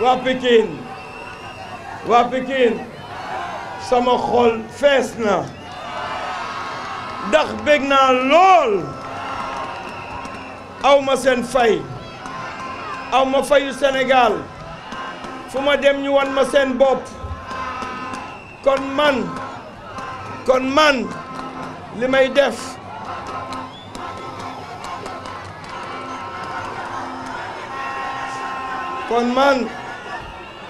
waa Pikin waa Pikin sama xol fees na ndax bég naa lool aw ma seen fay aw ma fayu Sénégal fu ma dem ñu wan ma seen bopp kon man kon man li may def kon man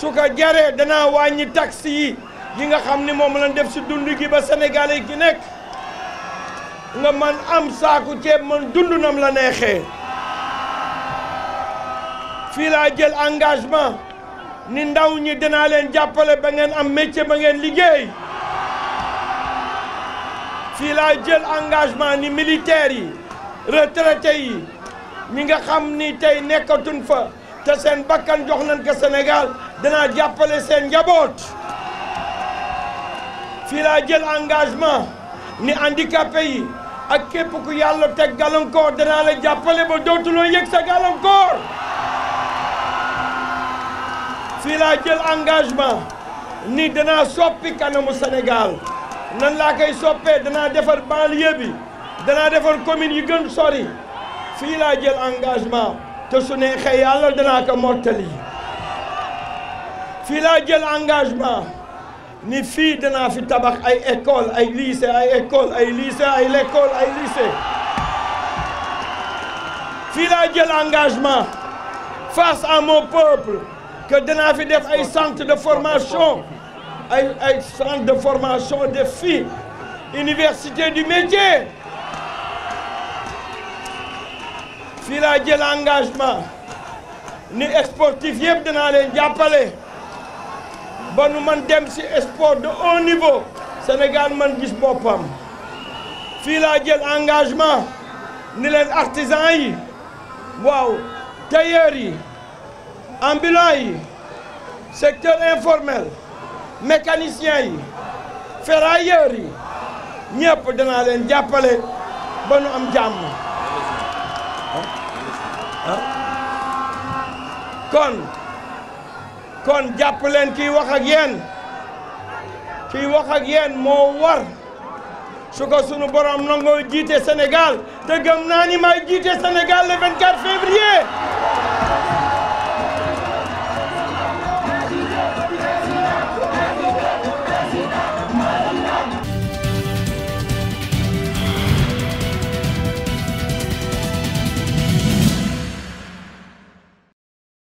su ko jaree danaa wàññi taxe yi yi nga xam ni moom lañ def si dund gi ba Sénégal yi ki nekk nga man am saaku ceeb man dund nam la neexee fii laa jël engagement ni ndaw ñi danaa leen jàppale ba ngeen am métier ba ngeen liggéey fii laa jël engagement ni militaires yi retraités yi ñi nga xam ni tey nekkatuñ fa te seen bakkan jox nañ ko Sénégal danaa jàppale seen njaboot fii laa jël engagement ni handicapé yi ak képp yàlla teg gàllankoor danaa la jàppale ba dootuloo yëg sa gàllankoor fii laa jël engagement ni danaa soppi kanamu Sénégal nan laa koy soppee danaa defar banlieue bi danaa defar commune yi gën sori fii laa jël engagement te suné xé yalla dana ko mortali l'engagement. la jël engagement ni fille, dana fi tabax ay école ay lycée ay école ay lycée l'école jël face à mon peuple que de fi def ay centre de formation ay centre de formation des filles université du métier fii la jël engagement ni sportif yëpp danaa len jappalé ba nu man dem ci sport de haut niveau Sénégal man gis bopam fi la jël engagement ni les artisans yi waaw tailleur yi ambulant yi secteur informel mécanicien yi ferrailleur yi ñëpp danaa len jappalé ba nu am jàmm kon kon jàpp leen kiy wax ak yéen kiy waxak ak moo war su ko sunu borom nangoo jiite Sénégal te gëm naa ni may jiite Sénégal le 24 février.